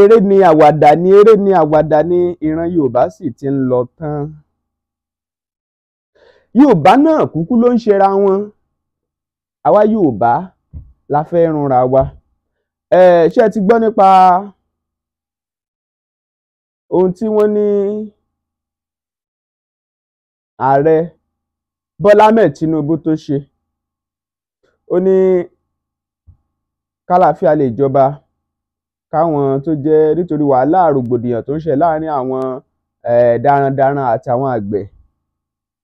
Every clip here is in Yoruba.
eré ni àwàdà ni eré ni àwàdà ni ìran Yorùbá sì ti ń lọ tán Yorùbá náà kúkú ló ń ṣera wọn àwa Yorùbá la fẹ́ runra wa ẹ ṣé ẹ ti gbọ́ nípa ohun tí wọ́n ní ààrẹ Bọ́lá Ahmed Tinubu tó ṣe ó ní kálàáfíà lè jọba káwọn tó jẹ́ nítorí wàhálà rògbòdìyàn tó ń ṣe láàrin àwọn darandaran àti àwọn àgbẹ̀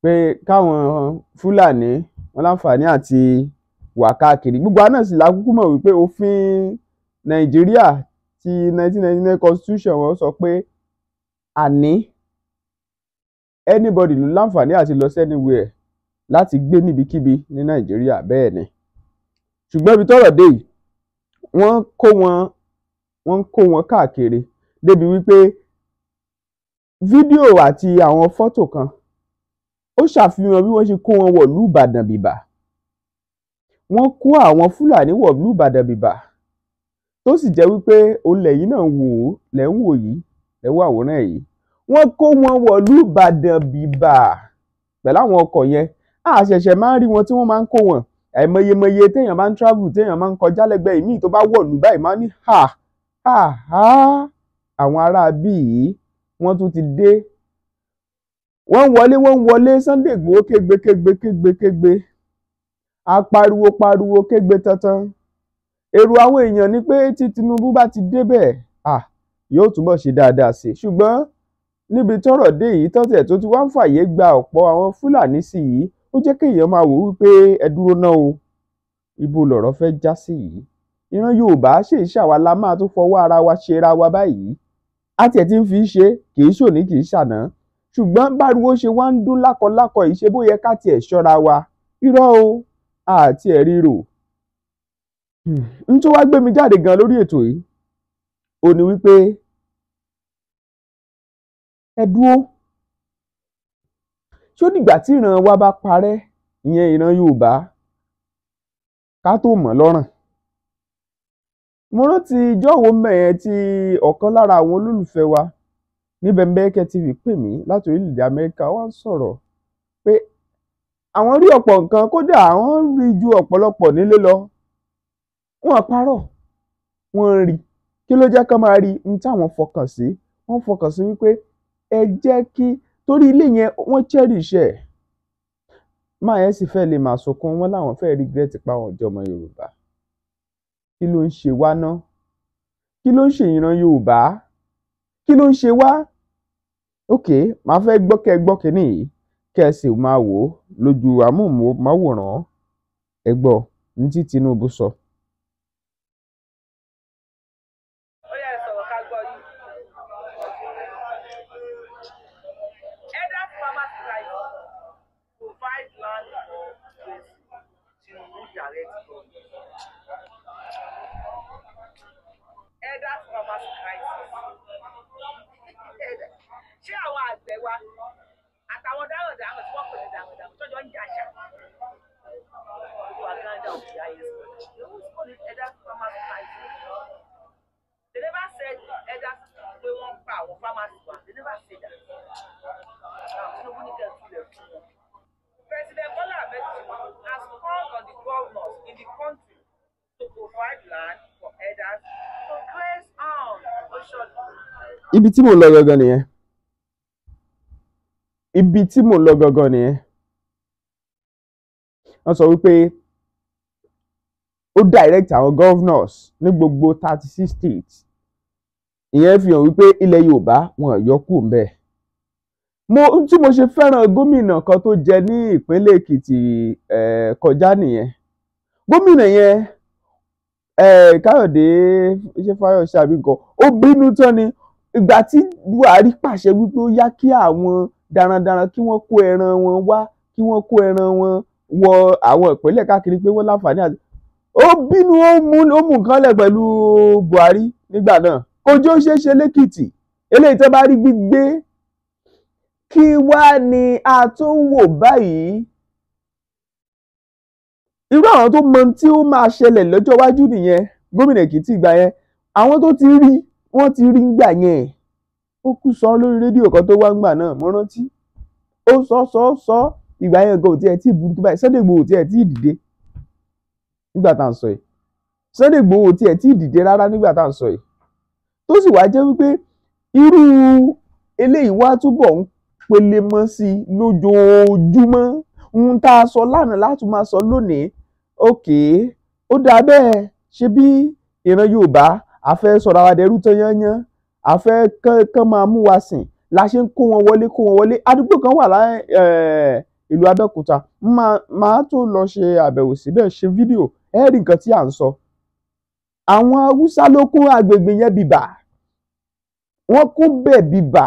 pé káwọn Fúlàní wọn láǹfààní àti wà káàkiri gbogbo àná sì lákúkú mọ̀ wípé òfin Nàìjíríà ti 1999 constitution wọn sọ pé àní anybody ló láǹfààní àti lọ sí anywhere láti gbé níbikíbi ní Nàìjíríà bẹ́ẹ̀ ni ṣùgbọ́n ibi tọ́rọ̀ dé yìí wọ́n kó wọn wọ́n ń kó wọn káàkiri débi wípé fídíò àti àwọn fọ́tò kan ó ṣàfihàn bí wọ́n ṣe kó wọn wọ̀lú Ìbàdàn bìbà wọ́n kó àwọn Fúlàní wọ̀lú Ìbàdàn bìbà tó sì jẹ́ wípé olè yìí náà wò ó lẹ̀ ń wò yìí lẹ̀ ń wò àwòrán ẹ̀ yìí wọ́n kó wọn wọ̀lú Ìbàdàn bìbà pẹ̀lú àwọn ọkọ̀ yẹn a ṣẹ̀ṣẹ̀ máa ń rí wọn tí wọ́n máa ń kó wọn àìmọyemọye téèyàn máa ń travel téèyàn máa ń kọjá lẹ́gbẹ̀ẹ́ ìmíì tó bá wọ̀lú báyìí máa ń ní ha àhá àwọn ará bíi wọ́n tún ti dé wọ́n ń wọlé wọ́n ń wọlé Sunday Igboho kégbe kégbe kégbe kégbe apariwo pariwo kégbe tantan èrò àwọn èèyàn ni pé tí Tinubu bá ti débẹ̀ ah yóò túbọ̀ ṣe dáadáa sí i ṣùgbọ́n níbi tọ́rọ̀ dé yìí tọ́tẹ̀ tó ti wá ń fàyè gba ọ̀pọ̀ àwọn Fúlàní sí yìí ó jẹ́ kéèyàn máa wò wípé ẹ dúró ná o ibo lọ̀rọ̀ fẹ́ já sí yìí ìran yorùbá ṣe ìṣàwà la máa tún fọwọ́ ara wa ṣe ra wa báyìí a tiẹ̀ ti ń fi ṣe kì í ṣòní kì í ṣàná ṣùgbọ́n báruwo ṣe wá ń dún lákọlákọ ìṣe bó yẹ ká tiẹ̀ ṣọ́ra wa irọ́ o àti ẹ̀rí rò hmm, n tó wá gbé mi jáde gan lórí ètò yìí ò ní wípé ẹ dúró ṣó dìgbà tí ìran wa bá parẹ́ ìyẹn ìran yorùbá ká tó mọ̀ lọ́rùn mo rántí ijọ́ wo mẹ́ẹ̀ tí ọ̀kan lára àwọn olólùfẹ́ wa ní Bembeyeke TV pè mí láti orílẹ̀-èdè Amẹ́ríkà wá ń sọ̀rọ̀ pé àwọn rí ọ̀pọ̀ nǹkan kódà àwọn rí ju ọ̀pọ̀lọpọ̀ nílé lọ wọn parọ́ wọn rí kí ló jẹ́ ká máa rí n táwọn fọkàn sí wọ́n fọkàn sí wípé ẹ jẹ́ kí torí ilé yẹn wọ́n cherish ẹ̀ máa yẹn sì fẹ́ lè máa sunkún wọn láwọn fẹ́ regret pa àwọn ọ̀jọ́ ọmọ Yorùbá kí ló ń ṣe wá ná kí ló ń ṣe ìran yorùbá kí ló ń ṣe wá ok màá fẹ gbọ́ kẹ́ ẹ gbọ́ kínní yìí kẹ́ ẹ sì máa wò ó lójú amóhùnmáwòrán ẹ ní tí Tinubu sọ. So. plan for others to grace on Oṣòdì. ibi tí mò ń lọ gangan nìyẹn ibi tí mò ń lọ gangan nìyẹn wọ́n sọ wípé ó direct àwọn governors ní gbogbo thirty six states ìyẹn fi hàn wípé ilẹ̀ Yorùbá wọn yọ kù ń mo tí mo ṣe fẹ́ràn gómìnà kan tó jẹ ní ìpínlẹ̀ Èkìtì eh, kọjá nìyẹn gómìnà yẹn káyọ̀dé ṣé fáyọ̀ṣe àbí nǹkan ó bínú tán ni ìgbà tí buhari pàṣẹ wípé ó yá kí àwọn darandaran kí wọ́n kó ẹran wọn wá kí wọ́n kó ẹran wọn wọ àwọn ìpínlẹ̀ káàkiri pé wọ́n láǹfààní àti ó bínú ó mú ó mú nǹkan lẹ̀ pẹ̀lú buhari nígbà náà kojú ó ṣeé ṣe lẹ́kìtì eléyìí tẹ́ bá rí gbígbé kí wá ni a tún wò báyìí irú àwọn tó mọ tí ó máa ṣẹlẹ̀ lọ́jọ́ iwájú nìyẹn gómìnà èkìtì ìgbà yẹn àwọn tó ti rí wọ́n ti rí ngbà yẹn ó kú sọ lórí rédíò kan tó wá ngbà náà mo rántí ó sọ sọ sọ ìgbà yẹn gan ò tiẹ̀ tí ì burú tó báyìí Sunday Igboho ò tiẹ̀ tí ì dìde nígbà tá à ń sọ yìí Sunday Igboho ò tiẹ̀ tí ì dìde rárá nígbà tá à ń sọ yìí tó sì wá jẹ́ wípé irú eléyìí wá túbọ̀ ń pele sí lójoojúmọ́ ohun tá a sọ lánàá láti máa sọ lónìí òkè ó dáa bẹ́ẹ̀ ṣe bí ìran Yorùbá a fẹ́ sọ̀rọ̀ àwọn adẹ́rú tán yányán a fẹ́ kán máa mú wa sìn la ṣe ń kó wọn wọlé kó wọn wọlé àdúgbò kan wà láì ìlú Abẹ́òkúta máa tó lọ ṣe àbẹ̀wò síbẹ̀ ṣe fídíò ẹ nǹkan tí à ń sọ. àwọn Haúsá ló kún agbègbè yẹn bìbà wọ́n kún bẹ́ẹ̀ bìbà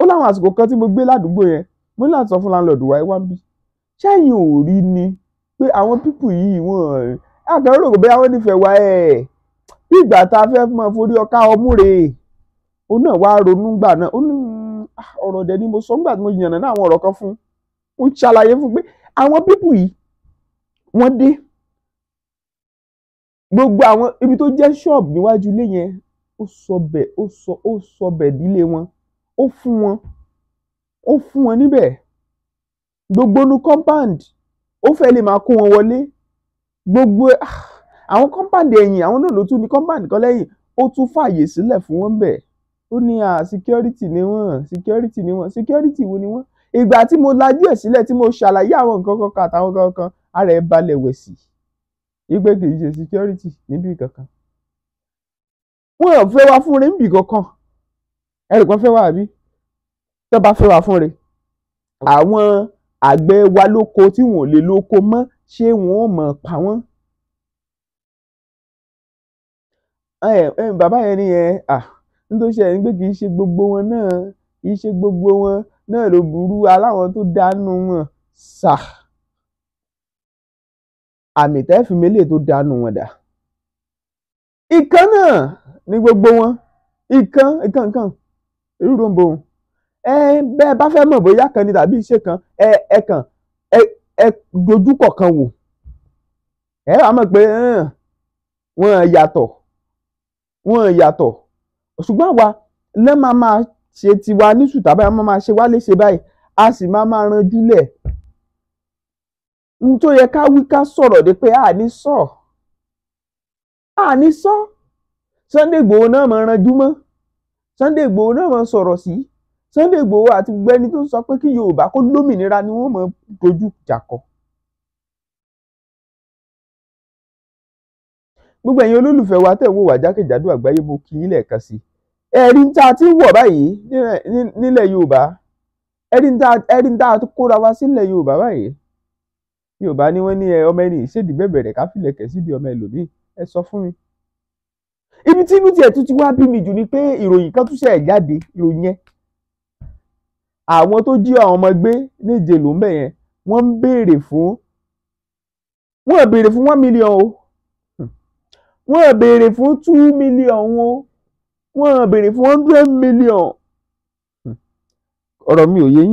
ó láwọn àsìkò kan tí mo gbé ládùúgbò yẹn mo ní láti sọ fún láńlọ́ọ̀dù wa ẹ wá ń bí ṣẹ́yìn ò ni pé àwọn pípù yìí wọ́n àkàrà rògbò bẹ́ẹ̀ àwọn nífẹ̀ẹ́ wa ẹ̀ bí ìgbà tá a fẹ́ mọ forí ọkà ọmú rèé òun náà wá ronú gbà náà ó ní ah, ọ̀rọ̀ dẹ̀ ni mo sọ nígbà tí mo yànnà náà àwọn ọ̀rọ̀ kan fún mo ṣàlàyé fún pé àwọn pípù yìí wọ́n dé gbogbo àwọn ibi tó jẹ́ ṣọ́ọ̀bù níwájú ilé yẹn ó sọ bẹ̀ ó sọ ó sọ bẹ̀ dílé wọn ó fún wọn ó fún wọn níbẹ̀ gbogbo nu compound ó fẹ́ lè máa kó wọn wọlé gbogbo ah, àwọn kọ́mpáǹdì ẹ̀yìn àwọn náà ló tún ní kọ́mpáǹdì kan lẹ́yìn ó tún fààyè sílẹ̀ fún wọn bẹ̀ ó ní à security ni wọ́n security ni wọ́n security wo ni wọ́n ìgbà tí mo lajú ẹ̀ sílẹ̀ tí mo ṣàlàyé àwọn nǹkan kankan àtàwọn nǹkan kan ara ẹ̀ balẹ̀ wẹ̀ sí ìgbé kì í ṣe security níbì kankan wọn ò fẹ́ wá fún rẹ níbì kankan ẹnì kan fẹ́ wá àbí tó fẹ́ wá fún rẹ àwọn. àgbẹ̀ wa lóko tí wọn ò lè lóko mọ́ ṣé wọn ó mọ̀ pa wọ́n. bàbá yẹn ni yẹn nítorí ṣe ẹni pé kì í ṣe gbogbo wọn náà kì í ṣe gbogbo wọn náà ló burú aláwọn tó dánú wọn ṣá àmì tẹ́fìmẹ́lẹ̀ tó dánú wọn dà. ìkan náà ni gbogbo wọn ìkan ìkan ìkan èrú ló ẹ bẹ́ẹ̀ bá fẹ́ mọ̀ bóyá kan ni tàbí iṣẹ́ kan ẹ ẹ kàn ẹ ẹ dojúkọ kan wò ẹ wàá mọ̀ pé wọ́n yàtọ̀ wọ́n yàtọ̀ ṣùgbọ́n àwa lẹ́ máa máa ṣe tiwa ní sùtà báyìí máa máa ṣe wá léṣe báyìí a sì máa máa ranjú lẹ̀ n tó yẹ ká wí ká sọ̀rọ̀ de pé a ní sọ a ní sọ Sunday Igboho náà máa ranjú mọ́ Sunday Igboho náà máa sọ̀rọ̀ sí. Si Sunday Igboho àti gbogbo ẹni tó sọ pé kí Yorùbá kó lómìnira ni wọ́n mọ̀ dojú jàkọ. gbogbo ẹ̀yin olólùfẹ́ wa tẹ̀ ń wò wá jákèjádò àgbáyé mo kí yín lẹ́ẹ̀kan sí i ẹ̀rí tá a ti wọ̀ báyìí nílẹ̀ Yorùbá ẹ̀rí tá a kóra wa sílẹ̀ Yorùbá báyìí Yorùbá ni wọ́n ní ọmọ ẹni ìṣèdí bẹ̀bẹ̀rẹ̀ ká filẹ̀ kẹ̀ sídìí ọmọ ẹlòmíì ẹ sọ fún mi. ibi tí inú tiẹ̀ tún ti wá bí mi jù ni pé ìròyìn kan tún ṣẹ̀ jáde ìròyìn yẹn àwọn tó jí àwọn ọmọ gbé níje ló ń bẹ̀ yẹn wọ́n ń béèrè fún wọ́n béèrè fún one million o wọ́n béèrè fún two million o wọ́n béèrè fún hundred million ọ̀rọ̀ mi ò yé yín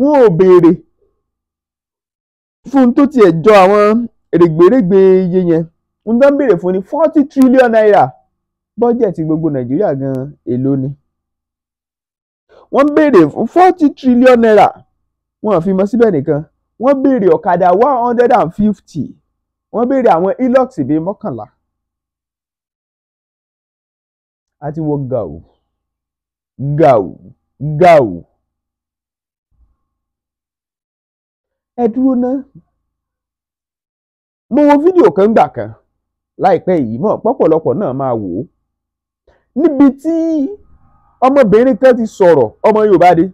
wọ́n ò béèrè fún tó tiẹ̀ jọ àwọn règbèrègbè iye yẹn ń béèrè fún ni forty trillion naira bọ́jẹ̀tì gbogbo nàìjíríà gan-an èló ni wọ́n ń béèrè fún forty trillion naira wọ́n fi mọ́ síbẹ̀ nìkan wọ́n béèrè ọ̀kadà one hundred and fifty wọ́n béèrè àwọn hilux bíi mọ́kànlá àti wọ gàù gàù gàù ẹ dúró náà mo wo fídíò kan gbà kan láìpẹ́ yìí mọ̀ pọ́pọ̀lọpọ̀ náà máa wò ó níbi tí ọmọbìnrin kan ti sọ̀rọ̀ ọmọ Yorùbá dé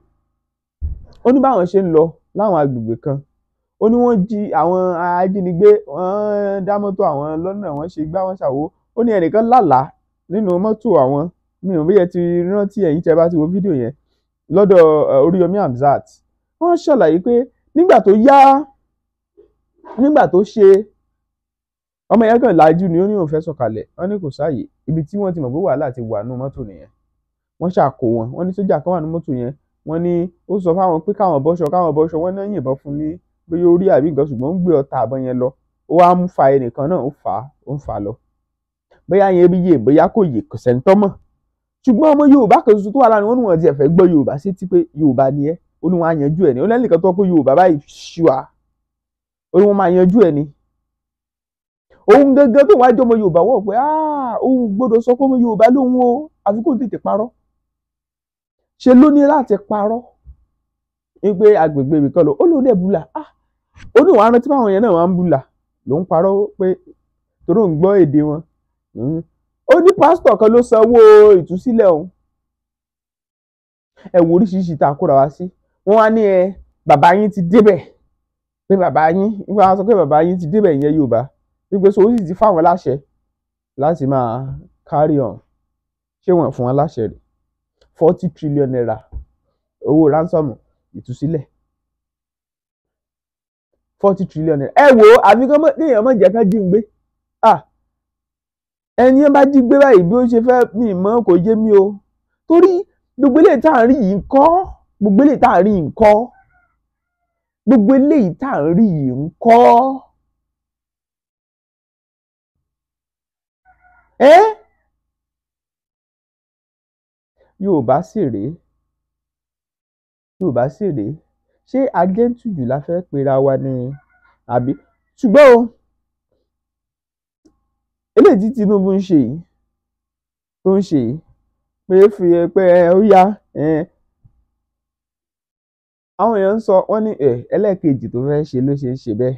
ó ní báwọn ṣe ń lọ láwọn agbègbè kan ó ní wọ́n jí àwọn ajínigbé wọ́n dá mọ́tò àwọn lọ́nà wọ́n ṣe gbá wọn ṣàwo ó ní ẹnìkan lálàá nínú mọ́tò àwọn mi ò bóyá ti rántí ẹ̀yin tẹ́ bá ti wo fídíò yẹn lọ́dọ̀ Oríyọmí Hamzat wọ́n ṣàlàyé pé nígbà tó yá nígbà tó ṣe ọmọ yẹn kàn lajú ni ó ní òun fẹ́ sọ̀kalẹ̀ wọ́n ní kò sáàyè ibi tí wọ́n ti mọ̀ pé wàhálà ti wà nù mọ́tò nìyẹn wọ́n ṣàkó wọn wọ́n ní sójà kan wà ní mọ́tò yẹn wọ́n ní ó sọ fáwọn pé káwọn bọ́ṣọ káwọn bọ́ṣọ wọ́n náà yìnbọn fún ní bóyá ó rí àbí nǹkan ṣùgbọ́n ó ń gbé ọta àbọn yẹn lọ ó wá mú fa ẹnìkan náà ó fà á ó ń fà lọ bóyá yẹn bí yé bóyá kò yè kò sẹ́ńtọ́ mọ̀ ṣùgbọ́n ọmọ yorùbá kan tuntun tó wà láàrin wọn ni wọn ti ẹ̀fẹ̀ gbọ́ yorùbá sí ti pé yorùbá ni ẹ́ ó ní wọn á yanjú ẹ̀ ni ó lẹ́nìkan tó pé yorùbá báyìí ṣùà ó ní wọn máa yanjú ẹ̀ ni òun gangan tó wájú ọmọ yorùbá wọ̀ pé òun gbọ́dọ̀ sọ pé ọmọ yorùbá lòun o àfikún tètè parọ́ ṣe ló ní láti parọ́ wípé agbègbè ibìkan lò ó lòun dẹ̀ búlà ah ó ní wàá rántí báwọn yẹn náà wàá ń búlà lòun parọ́ pé torí òun gbọ́ èdè wọn hmm. ó ní pásítọ̀ kan ló sanwó ìtúsílẹ̀ òun ẹ wo oríṣiríṣi tá a kóra wá sí wọ́n wá ní ẹ bàbá yín ti débẹ̀ pé bàbá yín nígbà wọn sọ pé bàbá yín ti débẹ̀ ìyẹn Yorùbá wípé so ó sì ti fáwọn láṣẹ láti máa carry on ṣé wọn fún wọn láṣẹ rẹ̀ forty trillion naira owó ransom ìtúsílẹ̀ forty trillion naira ẹ wo àfi kán kéèyàn mọ̀ jẹ́ ká jí ń gbé ẹni ẹ bá jí gbé báyìí bí ó ṣe fẹ́ mi mọ́ kò yé mi o torí gbogbo eléyìí tá à ń rí yìí ń kọ́ gbogbo eléyìí tá à ń rí yìí ń kọ́ gbogbo eléyìí tá à ń rí yìí ń kọ́ Eh? yorùbá sì rèé yorùbá sì rèé ṣé agéǹtìjú la fẹ́ pera wa ni àbí ṣùgbọ́n o eléyìí tí Tinubu ń ṣe yìí tó ń ṣe yìí pé fi pé ó yá àwọn èèyàn ń sọ wọ́n ní ẹlẹ́ẹ̀kejì tó fẹ́ ṣe ló ṣe ń ṣe bẹ́ẹ̀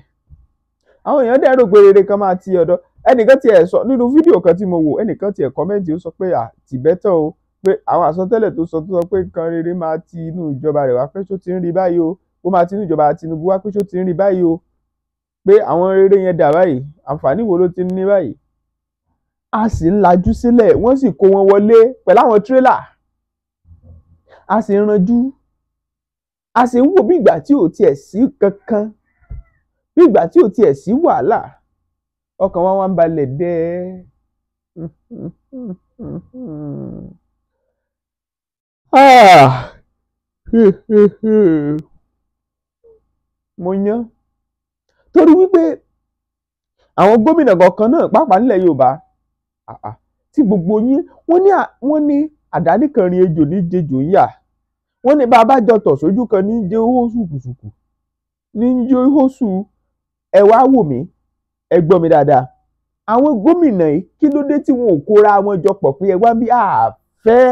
àwọn èèyàn dẹ̀ rò pé rere kan máa ti ọ̀dọ̀ ẹnìkan tiẹ̀ sọ nínú fídíò kan tí mo wò ẹnìkan tiẹ̀ kọ́mẹ́ǹtì ó sọ pé à tìbẹ́tọ̀ o pé àwọn àsọtẹ́lẹ̀ tó sọ tó sọ pé nǹkan rere máa ti inú ìjọba rẹ̀ wá pé ṣó ti ń rí báyìí o ó máa ti inú ìjọba Tinubu wá pé ṣó ti ń rí báyìí o pé àwọn rere yẹn dà báyìí àǹfààní wo ló ti ń ní báyìí a sì ń lajú sílẹ̀ wọ́n sì kó wọn wọlé pẹ̀lú àwọn tírélà a sì ń ranjú a sì ń wò bí ìgbà tí ò tiẹ̀ sí kankan bí ìgbà tí ò tiẹ̀ sí wàhálà ọkàn wa wá ń balẹ̀ dẹ́ẹ́. Ah! mo yán torí wípé àwọn gómìnà kọ̀ọ̀kan náà pàápàá nílẹ̀ Yorùbá tí gbogbo yín wọ́n ní wọ́n ní àdánìkanrin ejò ní jejò ń yà wọ́n ní bàbá jọ tọ̀ sójú kan ní jẹ́ owó sùkùsùkù ní jẹ́ owó sù ẹ wá wò mí ẹ gbọ́ mi dáadáa àwọn gómìnà yìí kí ló dé tí wọn ò kóra wọn jọ pọ̀ pé ẹ wá bí àfẹ́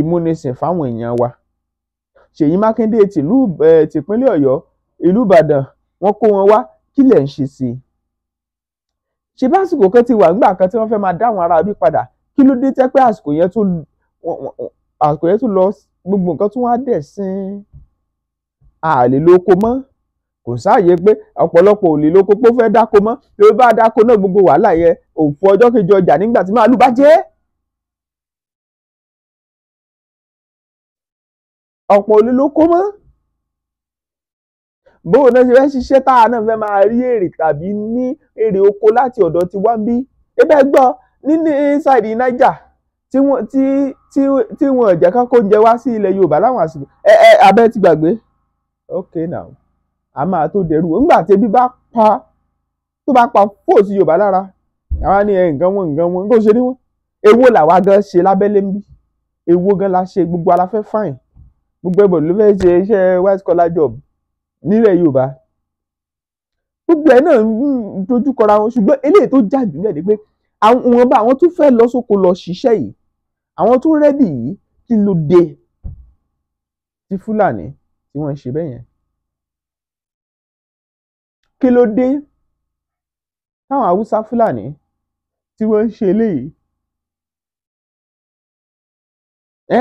ìmúnisìn fáwọn èèyàn wa Ṣèyí Mákindé tìlú tìpínlẹ̀ Ọ̀yọ́ ìlú Ìbàdàn wọ́n kó wọn wá kí lẹ̀ ń ṣe sí i ṣe básìkò kan ti wà ńgbà kan tí wọ́n fẹ́ máa dá àwọn ará bí padà kí ló dé tẹ́ pé àsìkò yẹn tó àsìkò yẹn tó lọ gbogbo nǹkan tó wá dẹ̀ sín àlè lóko mọ́ kò sáàyè pé ọ̀pọ̀lọpọ̀ ò lóko pé ó fẹ́ dáko mọ́ bí bá dáko náà gbogbo wàhálà yẹn òfò ọjọ́ kejì ọjà nígbà tí màálù bá jẹ́ ọ̀pọ̀ òlu mọ́ bóun náà ṣe fẹ́ ṣiṣẹ́ táwa náà fẹ́ máa rí èrè tàbí ní èrè oko láti ọ̀dọ̀ ti wá ń bí ebe gbọ́ nínú inside Niger tí wọ́n tí tí tí wọ́n jẹ́ ká kó oúnjẹ wá sí ilẹ̀ Yorùbá láwọn àsìkò ẹ ẹ abẹ́ ti gbàgbé ok now a máa tó dẹrù ńgbà tí ebi bá pa tó bá pa fóòsì Yorùbá lára àwa ni nǹkan wọn nǹkan wọn kó ṣe ní wọn èwo làwa gan ṣe lábẹ́lé ń bí èwo gan la ṣe gbogbo ara fẹ́ fáìn gbogbo ẹbọ ló fẹ́ ṣe iṣẹ́ white collar job nílẹ̀ yorùbá gbogbo ẹ̀ náà ń dojú kọra wọn ṣùgbọ́n eléyìí tó já jùlọ ni pé àwọn bá àwọn tó fẹ́ lọ sóko lọ ṣiṣẹ́ yìí àwọn tó rẹ́dì yìí kí ló dé tí fúlàní tí wọ́n ń ṣe bẹ́ẹ̀ yẹn kí ló dé táwọn haúsá fúlàní tí wọ́n ń ṣe eléyìí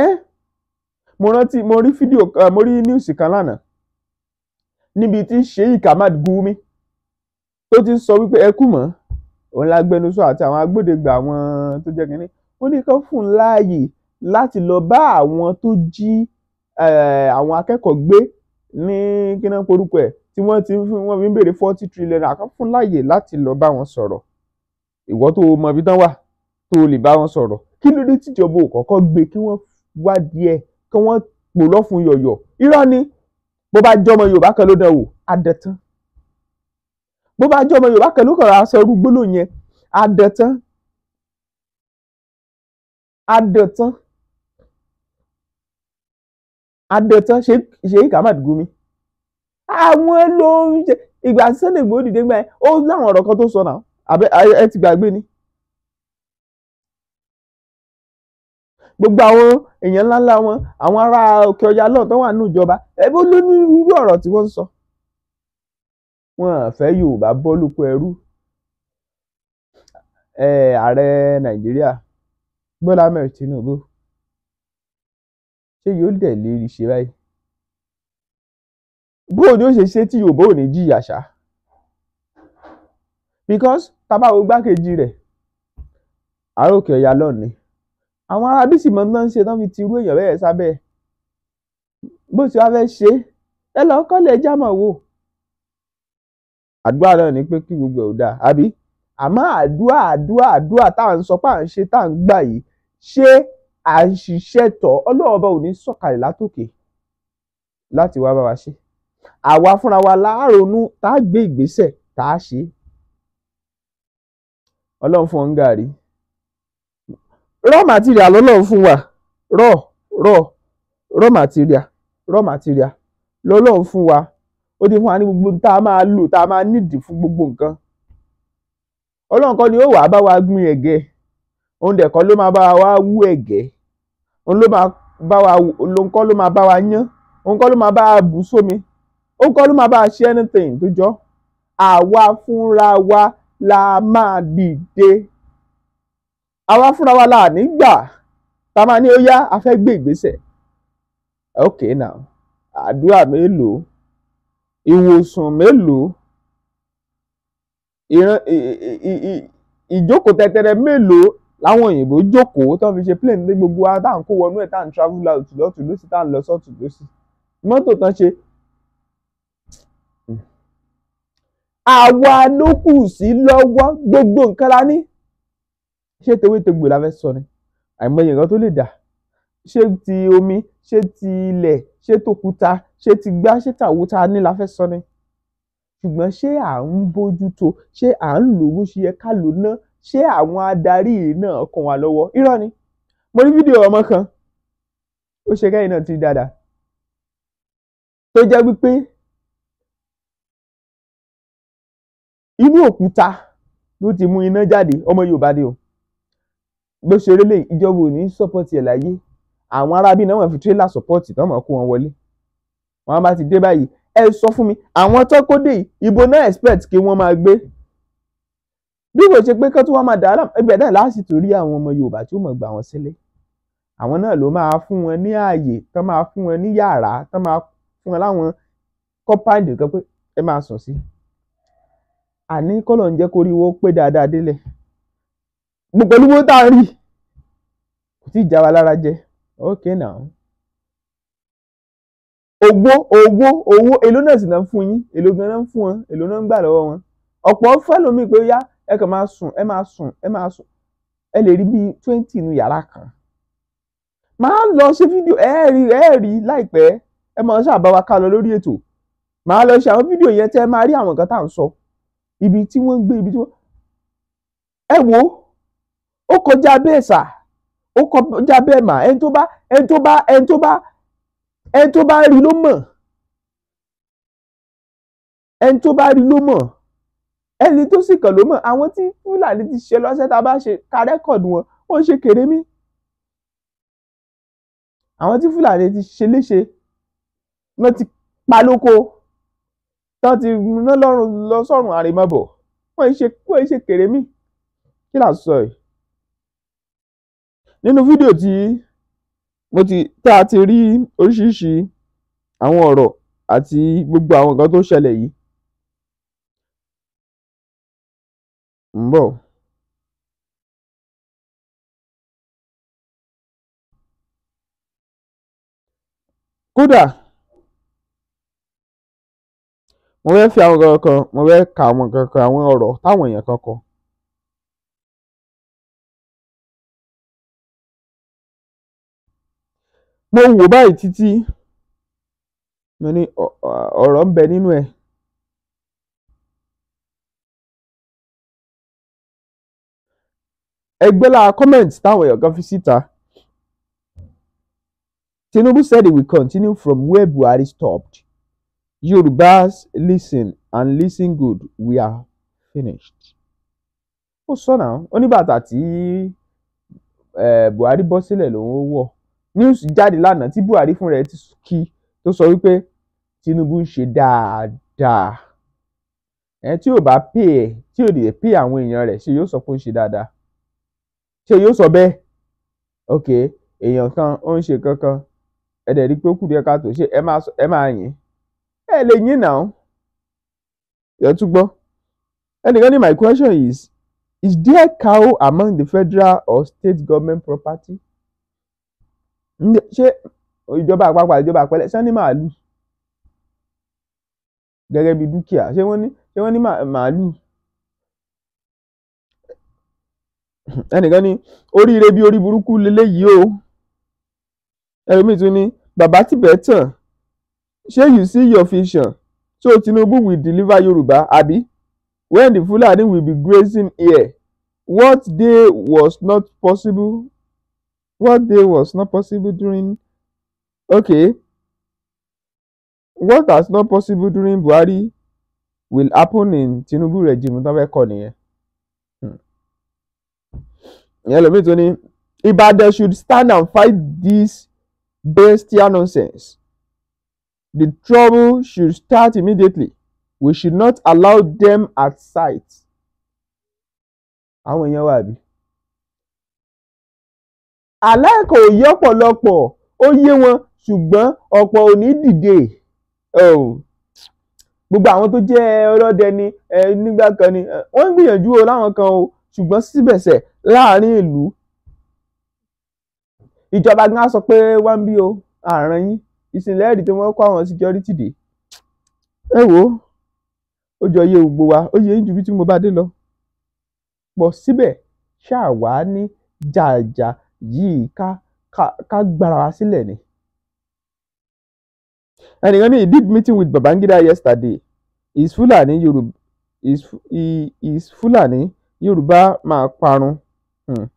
eh? mo rántí mo rí fídíò uh, mo rí news kan lánàá níbi tí Sheikh Ahmad Gumi tó ti ń sọ wípé ẹ kú mọ́ òun lágbẹnusọ àti àwọn agbódegbà àwọn tó jẹ́ kínní ó ní kán fún un láàyè láti lọ bá àwọn tó jí eh, àwọn akẹ́kọ̀ọ́ gbé ní kíná porúkọ ẹ̀ tí wọ́n ti wọ́n fi ń béèrè forty trillion àkàn fún láàyè láti lọ bá wọn sọ̀rọ̀ ìwọ tó mọ ibi tán wà tó lè bá wọn sọ̀rọ̀ kí ló dé tíjọba ò gbé kí wọ́n wádìí ẹ̀ kí wọ́n pò lọ́fun yọ̀yọ̀ irọ́ ni bo ba bá jọmọ Yorùbá kan ló wo wò Bo ba bá jọmọ Yorùbá kan ló kọ̀ra aṣọ irú gbólóhùn yẹn adẹ̀tán adẹ̀tán adẹ̀tán Ṣèyí Ahmad Gumi àwọn ló ń ṣe ìgbà Sunday mo dìde gbà yẹn ó láwọn ọ̀rọ̀ kan tó sọ náà ẹ ti gbàgbé ni gbogbo àwọn èèyàn ńláńlá wọn àwọn ará òkè ọya lọ́n tó wà nínú ìjọba ẹbí olónírúurú ọ̀rọ̀ tí wọ́n ń sọ wọn àfẹ́ Yorùbá bọ́ lóko ẹrú ààrẹ Nàìjíríà Bọ́lá Ahmed Tinubu ṣé yóò dẹ̀ lérí ṣe báyìí bóun ni ó ṣe ṣe tí Yorùbá ò ní jìyà ṣá because tá bá wo gbákejì rẹ̀ àárò òkè ọya lọ́ọ̀ni àwọn arábí sì mọ ní náà ń ṣe tán fi tirú èèyàn bẹ́ẹ̀ sábẹ́ bó ti wá fẹ́ ṣe é ẹ lọ kọ́lẹ̀ jámọ̀ wò àdúrà náà ni pé kí gbogbo ẹ̀ ò dáa àbí àmọ́ àdúrà àdúrà àdúrà tá à ń sọ pé à ń ṣe tá à ń gbà yìí ṣé à ń ṣiṣẹ́ tọ̀ ọlọ́run ọba ò ní sọ̀kalẹ̀ látòkè láti wá bá wa ṣe àwa fúnra wa láàrònú tá a gbé ìgbésẹ̀ tá a ṣe ọlọ́run fún ọ ń gàrí. raw material lọ́lọ́run fún wa raw raw raw material wa ó ti fún wa ní gbogbo tá a máa lò tá gbogbo nǹkan ọlọ́run kọ́ ni ó wa gbin ẹ̀gẹ́ òun dẹ̀ kọ́ ló máa bá wa wú ẹ̀gẹ́ òun ló máa bá wa òun kọ́ ló máa bá wa yán òun kọ́ ló máa bá wa bù sómi òun kọ́ ló máa bá wa ṣe anything tó wa la máa dìde àwa fúnra wa láà nígbà tá a máa ní ó yá a fẹ́ gbé ìgbésẹ̀ ok now àdúrà mélòó ìwòsàn mélòó ìjókòó tẹtẹrẹ mélòó láwọn òyìnbó jókòó tó fi ṣe plane ní gbogbo wa tá à ń kó wọnú ẹ̀ tá à ń travel out lọ́tún lósì tá à ń lọ sọ́tún lósì mọ́tò tán ṣe. Hmm. àwa ló kù sí lọ́wọ́ gbogbo nǹkan la ní ṣé tewétegbò la fẹ́ sọ ni àìmọye nǹkan tó lè dà ṣé ti omi ṣé ti ilẹ̀ ṣé tòkúta ṣé ti gbá ṣé tàwúta ní la fẹ́ sọ ni ṣùgbọ́n ṣé à ń bójútó ṣé à ń lò ó ṣe yẹ ká lò ná ṣé àwọn adarí náà kàn wá lọ́wọ́ irọ́ ni mo rí fídíò ọmọ kan ó ṣe kẹ́yìn náà ti dáadáa tó jẹ́ wípé inú òkúta ló ti mú iná jáde ọmọ Yorùbá ni o bó ṣe rélé ìjọba ò ní sọ́pọ́tì ẹ̀ láyé àwọn arábí náà wọ́n fi tírélà sọ́pọ́tì náà mọ̀ kó wọn wọlé wọn bá ti dé báyìí ẹ sọ fún mi àwọn tọ́kọ́dé yìí ibo náà expect kí wọ́n máa gbé bí kò ṣe pé kán tí wọ́n máa dàá ibẹ̀ náà láti tó rí àwọn ọmọ Yorùbá tí ó mọ̀ gbà wọ́n sílé àwọn náà ló máa fún wọn ní ààyè tán máa fún wọn ní yàrá tán máa fún wọn láwọn kọ́páǹdì kan pé ẹ máa sùn sí àní kọ́lọ̀ ń jẹ́ kórí owó pé dáadáa délẹ̀ gbogbo owó tá a rí kò tí ì wa lára jẹ ok now owó owó owó èló náà sì náà fún yín gan náà fún wọn náà ń gbà wọn ọ̀pọ̀ fẹ́lòmíì pé yá ẹ kàn máa sùn ẹ máa sùn ẹ máa sùn ẹ lè rí bíi twenty inú kan máa lọ ṣe fídíò ẹ rí ẹ rí láìpẹ́ ẹ máa ṣàbá wa ká lọ lórí ètò máa ṣe àwọn fídíò yẹn tẹ́ ẹ máa rí àwọn nǹkan sọ ibi tí ń gbé ibi tí ó kọjá bẹ́ẹ̀ sà ó kọjá bẹ́ẹ̀ mà ẹni tó bá ẹni tó bá ẹni tó bá ẹni tó bá rí ló mọ̀ ẹni tó bá rí ló mọ̀ ẹni tó sì kàn ló mọ̀ àwọn tí fúlàní ti ṣe lọ́sẹ̀ tá a bá ṣe ka rẹ́kọ̀dù wọn wọ́n ṣe kéré mí àwọn tí fúlàní ti ṣe léṣe wọ́n ti pa lóko tán ti ná lọ́rùn lọ sọ́run àrèmabọ̀ wọ́n ṣe kéré mí kí là sọ yìí nínú fídíò tí mo ti tá a ti rí oríṣiríṣi àwọn ọ̀rọ̀ àti gbogbo àwọn nǹkan tó ṣẹlẹ̀ yìí ń bọ̀. kódà mo fẹ́ fi àwọn nǹkan kan mo fẹ́ ka àwọn nǹkan kan àwọn ọ̀rọ̀ táwọn èèyàn kan kọ. mo wò báyìí títí mo ní ọ̀rọ̀ ń bẹ nínú ẹ̀. ẹgbẹ́ lára comment táwọn èèyàn kan fi síta Tinubu said he will continue from where Buhari stopped Yorubas listen and listen good we are finished. ó sọ̀nà oníbàtà tí eh, Buhari bọ́ sílẹ̀ lòun ó wọ̀. news jáde lánàá tí Buhari fúnra ẹ̀ ti kí tó sọ wípé Tinubu ń ṣe dáadáa ẹ tí ò bá pè ẹ tí ò lè pè àwọn èèyàn rẹ̀ ṣé yóò sọ pé ó ń ṣe dáadáa ṣé yóò sọ bẹ́ẹ̀ ok èèyàn kan ó ń ṣe kankan ẹ dẹ̀ rí i pé ó kù díẹ̀ káàtó ṣé ẹ máa yìn ẹ lè yìn náà ẹ gbọ́ ẹnìkan ní my question is is there cow among the federal or state government property? ṣé ìjọba àpapọ̀ àti ìjọba àpẹẹlẹ ṣé wọ́n ní màálù gẹ́gẹ́ bí dúkìá ṣé wọ́n ní ṣé wọ́n ní màálù ẹnìkan ní oríire bí orí burúkú leléyìí o ẹlòmíì tún ní bàbá tìbẹ̀ tàn ṣé you see your vision so Tinubu will deliver Yorùbá àbí when the Fulani will be grazing here what day was not possible What day was not possible during okay what has not possible during Buhari will happen in Tinubu regime tán fẹ́ kọ nìyẹn. Hmm. ìyẹn lómi tó ní Ibadan should stand and fight this bestial nonsense. The trouble should start immediately. We should not allow them at sight. àwọn èèyàn wà bí aláìkò yé ọ̀pọ̀lọpọ̀ ó yé wọn ṣùgbọ́n ọ̀pọ̀ ò ní dìde oh. gbogbo àwọn tó jẹ́ ọlọ́dẹ ni nígbà kan ni wọ́n ń gbìyànjú o láwọn kan o ṣùgbọ́n síbẹ̀sẹ̀ láàrin ìlú ìjọba gan sọ pé wá ń bí o àràn yín ìsìnlẹ̀ ẹ̀rí tí wọ́n kó àwọn security dé ẹ wò ó ó jọ yé gbogbo wa ó yé yín ju bí tí mo bá dé lọ pọ̀ síbẹ̀ ṣáà wá ní jàjà yìí ká ká ká gbára wa sílẹ̀ ni. ẹnìkan ní he did meeting with Babangida yesterday is Fulani Yorùbá is, is Fulani Yorùbá máa parun. Hmm.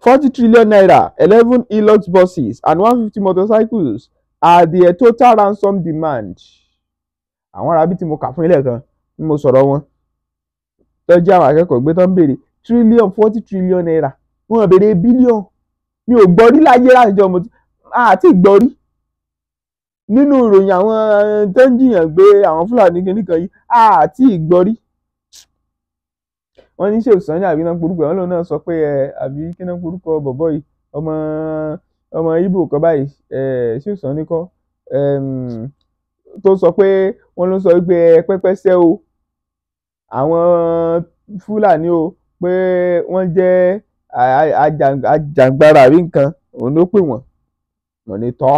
forty trillion naira eleven Hilux buses and one fifty motorcycles are the total ransom demand. àwọn arábí tí mo kà fún ilé kan ni mo sọ̀rọ̀ wọn tọ́jú àwọn akẹ́kọ̀ọ́ gbé tán béèrè trillion forty trillion naira wọn béèrè bílíọ̀n mi ò gbọ́ rí láyé láàjọ mo ti àti gbọ́ rí nínú ìròyìn àwọn eh, tó ń jiyàn gbé àwọn fúlàní kìnnìkan yìí àti gbọ́ rí wọ́n ní ṣèwé sàn ní àbí náà porúkọ àwọn lòun náà sọ pé ẹ eh, àbí kí náà porúkọ bọ̀bọ̀ yìí ọmọ ọmọ ibo kan báyìí ẹ eh, ṣèwé sàn ní kọ́ ehm, tó sọ pé wọ́n ló sọ pé ẹ pẹ́pẹ́ sẹ́ o àwọn fúlàní o pé wọ́n jẹ́ àjàngbara àbí nǹkan òun ló pè wọ́n wọ́n ní tọ́.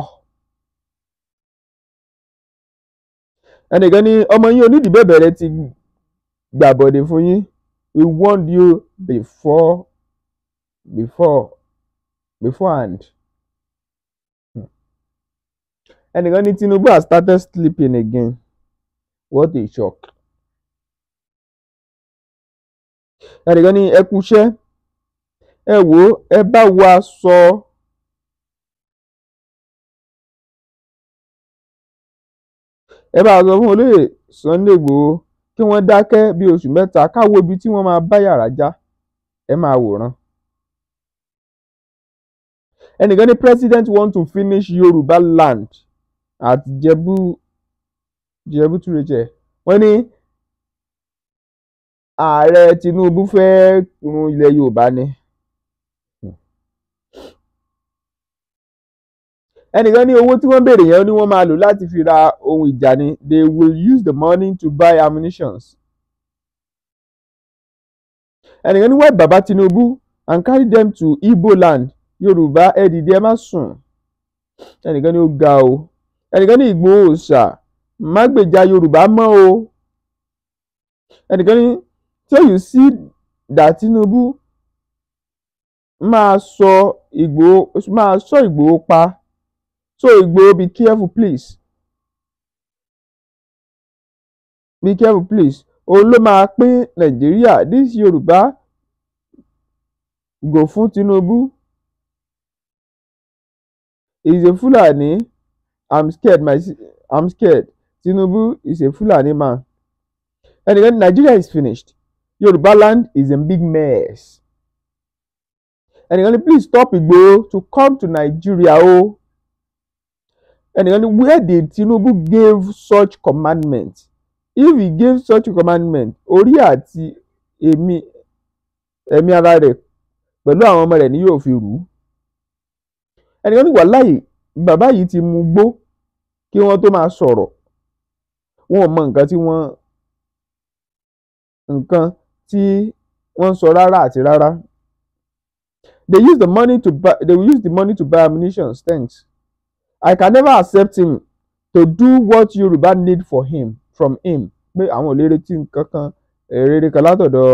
ẹnìkan ní ọmọ yín onídìbò bẹ̀rẹ̀ ti gbàbọ̀dé fún yín he warned you before before beforehand. Hmm. ẹnìkan ní Tinubu has started sleeping again what a shock. ẹnìkan ní ẹkúṣẹ́ ẹ wò ó ẹ bá wa sọ ẹ bá sọ fún olóyè Sunday Igboho kí wọ́n dákẹ́ bí oṣù mẹ́ta káwo ibi tí wọ́n máa bá yàrá já ẹ máa wòran. ẹnìkan ní president want to finish Yorùbá land at Jebu Jebu Tureche wọ́n ní ààrẹ Tinubu fẹ́ẹ́ run ilẹ̀ Yorùbá ni. ẹnìkan ní owó tí wọ́n béèrè yẹn ni wọ́n máa lò láti fi ra ohun ìjà ni they will use the money to buy ammunitions. ẹnìkan ní wẹ́ẹ̀ bàbá Tinubu and carry them to Igbo land Yorùbá ẹ dìde ẹ má sùn ẹnìkan ní ó ga o ẹnìkan ní Ìgbòho ṣà má gbèjà Yorùbá mọ́ o ẹnìkan ní so you see that Tinubu máa sọ Ìgbòho máa sọ Ìgbòho pa. So Igboho, be careful, please. Be careful, please. Òun ló máa pín Nàìjíríà. This Yoruba go fún Tinubu. He's a Fulani. I'm scared, my I'm scared. Tinubu is a Fulani man. And again, Nigeria is finished. Yoruba land is a big mess. And again, please stop it Igboho to come to Nigeria. Oh ẹnìkan ni where did Tinubu give such commandment if he gave such commandment orí àti èmi ẹ̀mí ara rẹ̀ pẹ̀lú àwọn ọmọ rẹ̀ ni yóò fi rù ú ẹnìkan ní wàláyé bàbá yìí ti mu gbó kí wọ́n tó máa sọ̀rọ̀ wọn ò mọ nǹkan tí wọ́n nǹkan tí wọ́n sọ rárá àti rárá they use the money to buy they will use the money to buy ammunition thanks I can never accept him to do what Yoruba need for him from him pé àwọn ò lè retí nǹkan kan rere kan látọ̀dọ̀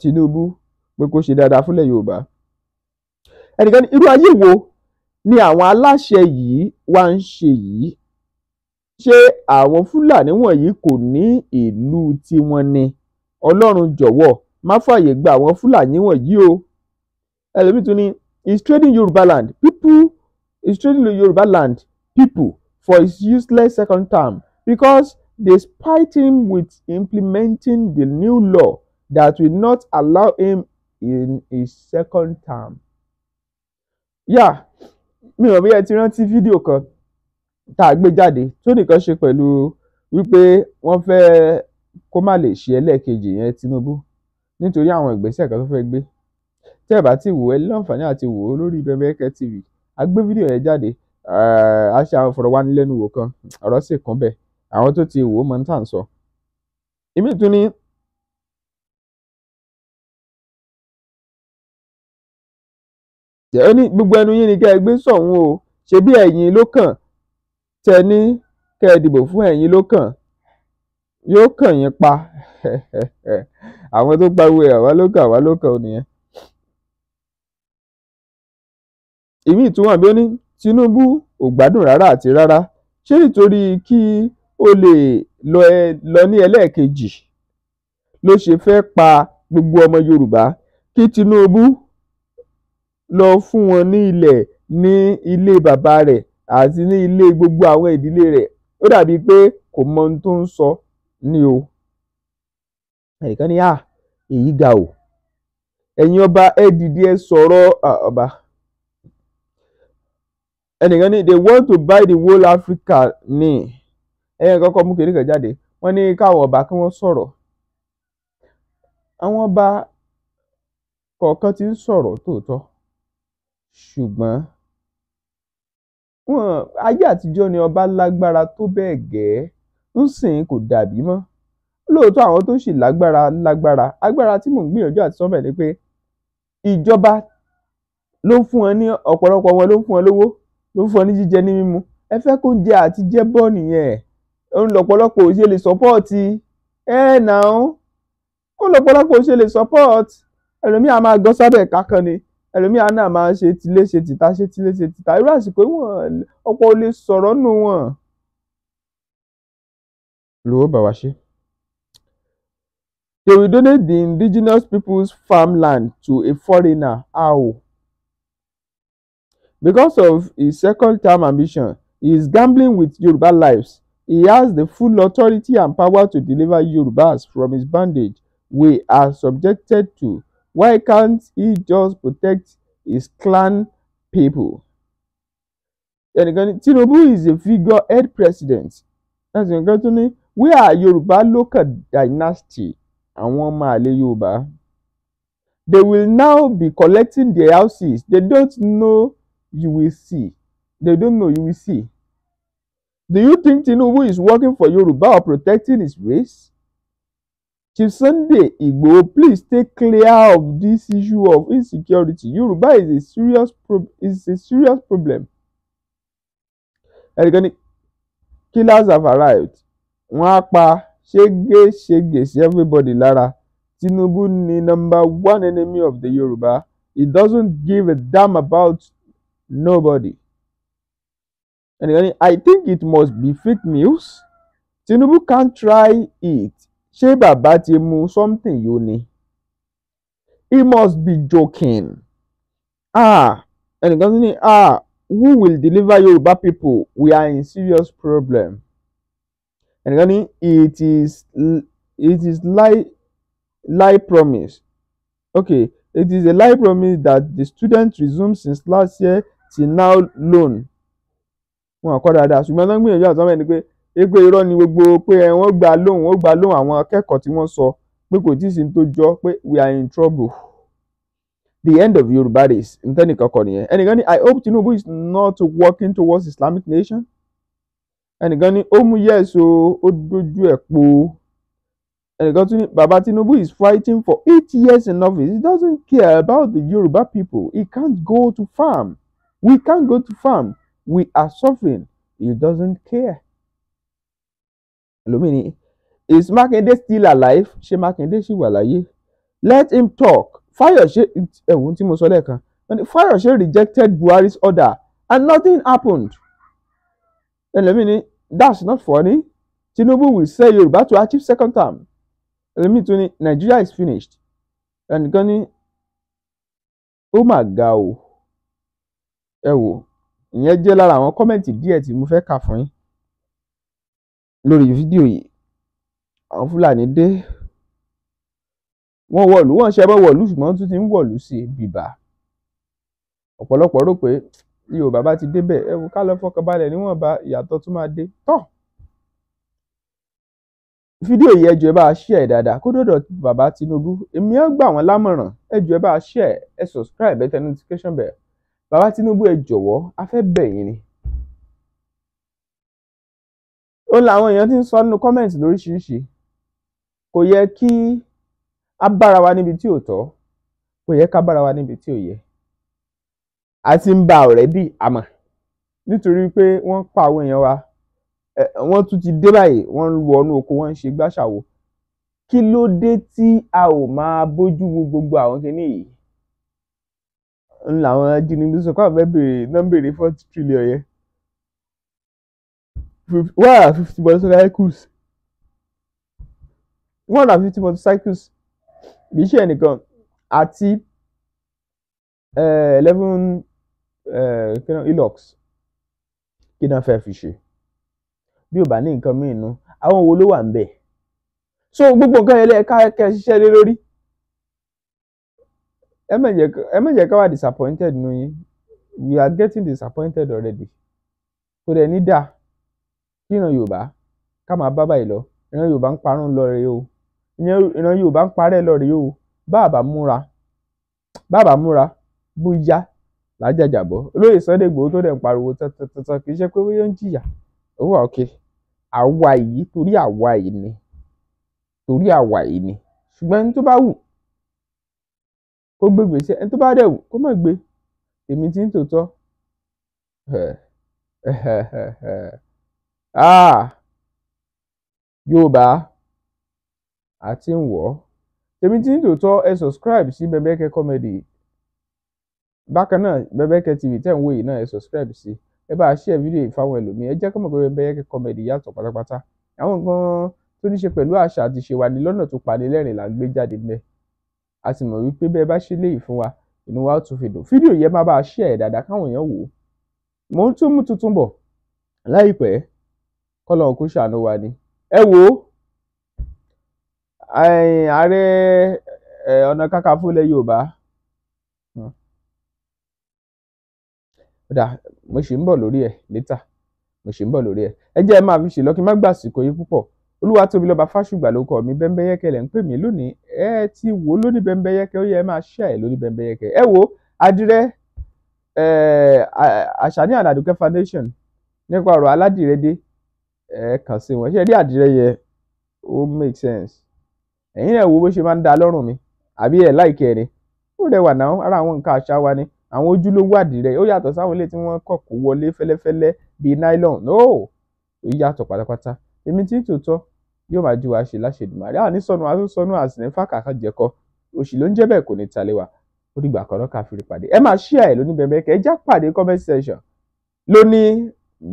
Tinubu pé kó ṣe dáadáa fúnlẹ̀ Yorùbá ẹnìkan ní irú ayé wo ni àwọn aláṣẹ yìí wá ń ṣe yìí ṣé àwọn Fúlàní wọ̀nyí kò ní ìlú tiwọn ni Ọlọ́run jọ̀wọ́ má fààyè gba àwọn Fúlàní wọ̀nyí o ẹlòmíì tún ní he's trading Yoruba land people is treating the Yoruba land people for his useless second term because they spite him with implementing the new law that will not allow him in his second term. Yeah, mi ò bí ẹ ti rántí fídíò kan tá a gbé jáde tó nìkan ṣe pẹ̀lú wípé wọ́n fẹ́ kó má lè ṣe ẹlẹ́ẹ̀kejì yẹn Tinubu nítorí àwọn ìgbésẹ̀ kan tó fẹ́ gbé tẹ́ ẹ̀ bá ti wò ẹ́ láǹfààní àti wò ó lórí bẹ́ẹ̀bẹ́ẹ́kẹ́ TV a gbé fídíò yẹn jáde eh, a ṣe àwọn ìfọ̀rọ̀wánilẹ́nuwò kan ọ̀rọ̀ sì kún bẹ́ẹ̀ àwọn tó ti wò ó mọ̀ ń tà ń sọ. èmi tún ní ó ní gbogbo ẹnu yín ni kẹ́ ẹ gbé sọ̀hún o ṣebí ẹ̀yin ló kàn tẹ ní kẹ́ ẹ dìbò fún ẹ̀yin ló kàn yóò kàn yín pa àwọn tó pariwo ẹ̀ àwa ló kàn àwa ló kàn ò nìyẹn. èmi ìtumọ̀ bí ó ní Tinubu ò gbádùn rárá àti rárá ṣé nítorí kí ó lè lọ ní ẹlẹ́ẹ̀kejì ló ṣe fẹ́ pa gbogbo ọmọ Yorùbá kí Tinubu lọ fún wọn ní ilẹ̀ ní ilé bàbá rẹ̀ àti ní ilé gbogbo àwọn ìdílé rẹ̀ ó dàbíi pé kò mọ ohun tó ń sọ ní o ẹnìkan ní à ah, èyí ga o ẹ̀yin ọba ẹ dìde ẹ sọ̀rọ̀ ah, ọba ẹnìkan ní they want to buy the whole Africa ní ẹ̀yẹn kọ́kọ́ mú kiri kan jáde wọ́n ní káwọn ọba kí wọ́n sọ̀rọ̀ àwọn ọba kọ̀ọ̀kan ti ń sọ̀rọ̀ tòótọ́ ṣùgbọ́n wọn ayé àtijọ́ ni ọba lágbára tó bẹ́ẹ̀ gẹ́ẹ́ ń sìn kò dàbí mọ́ lóòótọ́ àwọn tó sì lágbára lágbára agbára tí mò ń gbìyànjú àti sọ́mọ̀ ni pé ìjọba ló fún wọn ní ọ̀pọ̀lọpọ̀ wọn ló fún wọn lówó ló fún ọ ní jíjẹ ní mímu ẹ fẹ́ kó jẹ àti jẹ bọ́ nìyẹn òun lọ́pọ̀lọpọ̀ ò ṣe lè sọ́pọ́ọ̀tì ẹ nà án ó lọ́pọ̀lọpọ̀ ò ṣe lè sọ́pọ́ọ̀tì ẹlòmíà máa gọ́ sábẹ̀ kákan ni ẹlòmíà náà máa ṣe tilé ṣe tìta ṣe tilé ṣe tìta irú àsìkò ìwọ̀n ọ̀pọ̀ ò lè sọ̀rọ̀ nù wọ́n. lówó bá wa ṣe. They will donate the indigenous people's farmland to a foreigner. How? Because of his second-term ambition, he is gambling with Yoruba lives. He has the full authority and power to deliver Yorubas from his bondage we are subjected to. Why can't he just protect his clan people? ẹnìkan Tinubu is a figurehead president ẹsìn nǹkan tó ní we are Yoruba local dynasty and one àlè Yorùbá they will now be collecting their houses they don't know you will see they don't know you will see do you think Tinubu is working for Yoruba or protecting his race Chief Sunday Igboho please stay clear of this issue of insecurity Yoruba is a serious pro is a serious problem ẹnikẹ́ni killers have arrived wọ́n á pa ṣégeṣége sí everybody lára Tinubu ni number one enemy of the Yoruba he doesn't give a damn about nobody ẹnìkan i think it must be fake news Tinubu can try it ṣé bàbá ti mu something yó ni he must be joking ah ẹnìkan ní ah who will deliver Yorùbá people we are in serious problem ẹnìkan ní it is it is lie lie promise okay it is a lie promise that the students resumed since last year ti now loan wọn kọ́ dáadáa ṣùgbọ́n tó ń gbìyànjú àtọ́mọ́ ẹni pé pé irọ́ ni gbogbo pé wọ́n gba loan wọ́n gba loan àwọn akẹ́kọ̀ọ́ tí wọ́n sọ pé kò tí ì sí ní tó jọ pé we are in trouble the end of Yoruba days ntẹ́nìkan kọ nìyẹn ẹnìkan ní I hope Tinubu is not working towards Islamic nation ẹnìkan ní ó mú yes o ó dojú ẹ̀ po ẹnìkan tún ní baba Tinubu is fighting for eight years in office he doesn't care about the Yoruba people he can't go to farm. We can't go to farm. We are suffering. He doesn't care. Ẹlòmíì is Makinde still alive? She Makinde she walaye. Let him talk. Fayose ẹ̀wọ̀n tí mo And Fire Fayose rejected Buhari's order and nothing happened. And Ẹlòmíì that's not funny. Tinubu will say Yorùbá to achieve second term. Let me tell you, Nigeria is finished. And Gani. ó mà ga ẹ wò ìyẹn jẹ́ lára àwọn kọ́mẹ̀ntì díẹ̀ tí mo fẹ́ kà fún yín lórí fídíò yìí àwọn Fúlàní dé wọ́n wọ̀lú wọ́n ṣẹbọ wọ̀lú ṣùgbọ́n tún ti ń wọ̀lú sí bìbà ọ̀pọ̀lọpọ̀ rò pé Yorùbá bá ti débẹ̀ ẹ wò ká lọ fọkàn balẹ̀ níwọ̀nba ìyàtọ̀ tún máa dé tán fídíò yìí ẹjọ ẹ bá a ṣíà ẹ dáadáa kó dọdọ bàbá Tinubu èmi á gbà wọn lámọ̀ràn ẹjọ ẹ bá a ṣíà ẹ subscribe ẹ tẹ notification bell bàbá Tinubu ẹ jọ̀wọ́ a fẹ́ bẹ̀ yín ni ó làwọn èèyàn ti ń sọ nínú kọ́mẹ̀ntì lóríṣiríṣi kò yẹ kí a bára wa níbi tí ò tọ́ kò yẹ ká bára wa níbi tí ò yẹ a ti ń ba ọ̀rẹ́ dì àmọ́ nítorí pé wọ́n pa àwọn èèyàn wa wọ́n tún ti dé báyìí wọ́n ń wọnú oko wọ́n ń ṣe gbàṣàwò kí ló dé tí a ò máa bójú wo gbogbo àwọn kinní ń làwọn ajínigbé sọ pé àwọn fẹ́ béèrè náà béèrè forty trillion yẹn one hundred fifty motorcycles one hundred fifty motorcycles kì í ṣe ẹnìkan àti eh, eleven ilox eh, kí náà fẹ́ fi ṣe bí ò bá ní nǹkan míì nu àwọn wo ló wà ń bẹ̀ so gbogbo nǹkan yẹn lẹ́ẹ̀ká kẹ́ ẹ ṣiṣẹ́ lé lórí ẹ má jẹ́ ká wà disappointed nù yín we are getting disappointed already kò dẹ̀ ní dà kíran yorùbá ká máa bá báyìí lọ ìran yorùbá ń parun lọ rèé o ìran yorùbá ń parẹ́ lọ rèé o bàbá múra bàbá múra bóyá lájàjàbọ́ olóyè Sunday Igboho tó dẹ̀ ń pariwo tẹ́tẹ́tẹ́tẹ́ kì í ṣe pé bóyá ń jìyà ó wà òkè àwa yìí torí àwa yìí ni torí àwa yìí ni ṣùgbọ́n ẹni tó bá wù kó gbé gbèsè ẹni tó bá dẹ̀ wù kó má gbé èmi tí ń tòótọ́ ah! Yorùbá àti ń wọ̀ ọ́ èmi tí ń tòótọ́ ẹ subscribe sí Bẹ̀bẹ̀kẹ̀ comedy bákan náà Bẹ̀bẹ̀kẹ̀ TV tẹ̀ ń wò yìí náà ẹ subscribe sí ẹ bá a share fídíò yìí fáwọn ẹlòmíì ẹ jẹ́ kọ́mọ̀ pé Bẹ̀bẹ̀kẹ̀ comedy yàtọ̀ pátápátá àwọn nǹkan tó ní ṣe pẹ̀lú àṣà àti ìṣèwà ni lọ́nà tó pani lẹ́rìn là ń gbé jáde mẹ́ẹ̀. a sì mọ̀ wípé bẹ́ẹ̀ bá ṣe léyìí fún wa inú wa ó tún fi dùn fídíò yẹn máa bá a ṣe ẹ̀ dáadáa káwọn èèyàn wò ó mò ń tún mú tuntun bọ̀ láìpẹ́ kọ́lọ̀ kó ṣàánú wa ni ẹ wò ó ààrẹ ọ̀nà kakanfò ilẹ̀ Yorùbá hmm. dà mo ṣì ń bọ̀ lórí ẹ̀ létà mo ṣì ń bọ̀ lórí ẹ̀ ẹ jẹ́ ẹ máa fi ṣèlọ́kí má gbàsìkò yín púpọ̀ olúwatóbilọ́ba fásùgbà ló kọ mi bẹ́ńbẹ́yẹ́kẹ́ lẹ̀ ń pè mí lónìí ẹ ti wò ó lóní bẹ́ńbẹ́yẹ́kẹ́ ó yẹ máa ṣe ẹ̀ bẹ́ńbẹ́yẹ́kẹ́ ẹ wo adirẹ Àṣàní foundation nípa ọ̀rọ̀ ẹ kàn sí wọn ṣe rí yẹ ó make sense ẹ̀yin wo bó ṣe máa ń da lọ́rùn mi ara àwọn nǹkan àṣà wa ni àwọn ojúlówó ó yàtọ̀ sáwọn ilé tí wọ́n kọ̀ kó wọlé fẹ́lẹ́fẹ́lẹ́ bíi nylon yóò máa jí wa ṣe láṣẹdùmarè àní sọnù àtúnṣọnù àsìní fàkàkàn jẹkọ òṣì ló ń jẹ́ bẹ́ẹ̀ kò ní talẹ wa ó dìgbà kan náà ká pàdé ẹ máa ṣí àyè lóní bẹ̀m̀bẹ̀yẹkẹ ẹ já pàdé comment section lóní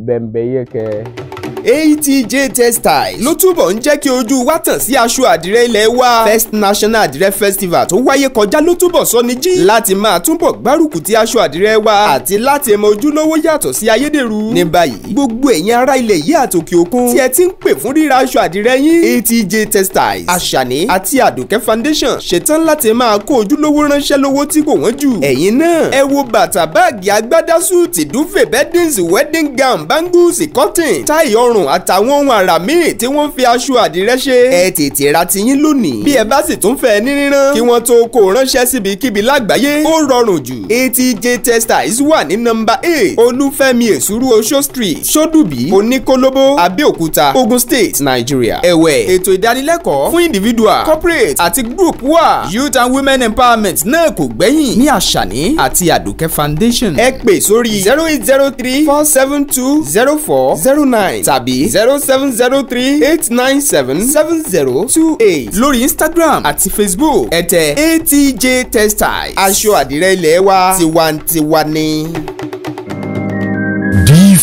bẹ̀m̀bẹ̀yẹkẹ. ATJ Textiles ló túbọ̀ ń jẹ́ kí ojú wa tàn sí aṣọ àdìrẹ ilẹ̀ wa First National Àdìrẹ Festival tó wáyé kọjá ló túbọ̀ sọ ní jí láti máa túbọ̀ gbárùkù ti aṣọ àdìrẹ wa àti láti mọ ojúlówó yàtọ̀ sí ayédèrú ní báyìí gbogbo ẹ̀yin ará ilẹ̀ yìí àtòkè òkun tí ẹ ti ń pè fún ríra aṣọ àdìrẹ yín ATJ Textiles Àṣàní àti Àdùkẹ́ Foundation ṣetán láti máa kó ojúlówó ránṣẹ́ lówó tí kò wọ́n jù ẹ̀yin náà ẹ wo bàtà báàgì agbádásù tìdúfè bẹ́dínsì wedding gown bangles cotton táì ọrùn ọrùn àtàwọn ohun àrà míì tí wọ́n fi aṣọ àdìrẹ́ ṣe ẹ tètè ra tiyín lónìí bí ẹ bá sì tún fẹ́ ní rírán kí wọ́n tó kó ránṣẹ́ síbikíbi lágbàáyé ó rọrùn jù ATJ Textiles wà ní nọ́mbà eight olúfẹ́mi èsúrú oṣó street ṣódùbí oníkólóbó abẹ́òkúta ogun state nigeria ẹ̀wẹ̀ ètò ìdánilẹ́kọ̀ọ́ fún individual corporate àti group wà youth and women empowerment náà kò gbẹ́yìn ní àṣàní àti àdùkẹ́ foundation ẹ pè sórí zero eight zero three four seven two zero four zero nine tàbí tàbí zero seven zero three eight nine seven seven zero two eight lórí Instagram àti Facebook ẹ̀tẹ̀ ATJ Textiles aṣọ àdìrẹ ilé wa tiwantiwa ni.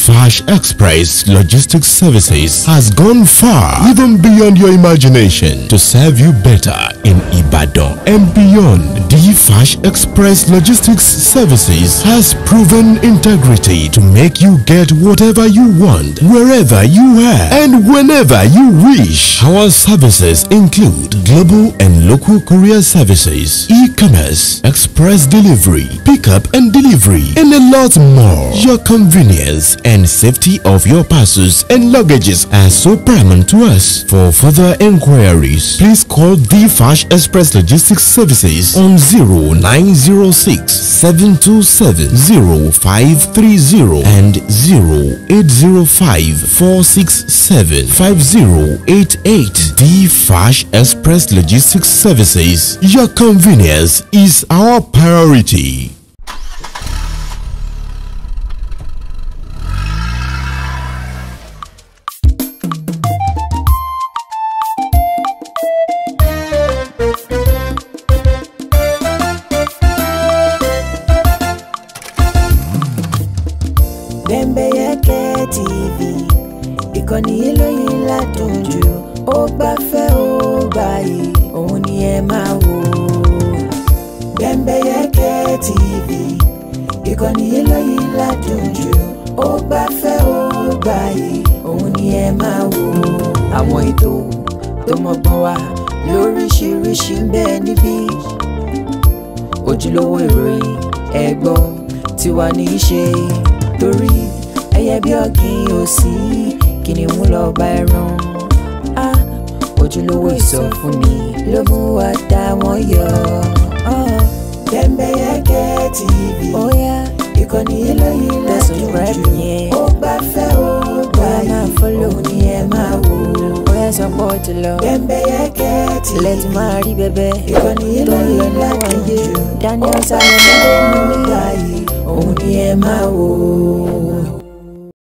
Flash Express Logistics Services has gone far, even beyond your imagination, to serve you better in Ibadan and beyond. DFASH Express Logistics Services has proven integrity to make you get whatever you want, wherever you are, and whenever you wish. Our services include global and local courier services, e-commerce, express delivery, pickup and delivery, and a lot more. Your convenience and safety of your parcels and luggages are so paramount to us. For further inquiries, please call DFASH Express Logistics Services on zero nine zero six seven two seven zero five three zero and zero eight zero five four six seven five zero eight eight. The Fash Express Logistics Services. Your convenience is our priority. lẹ́tì máa rí bẹ́bẹ́ tó ń lọ láwọn ayé Daniel Sarah ló ń mú mi láàyè òun ni ẹ máa wò ó.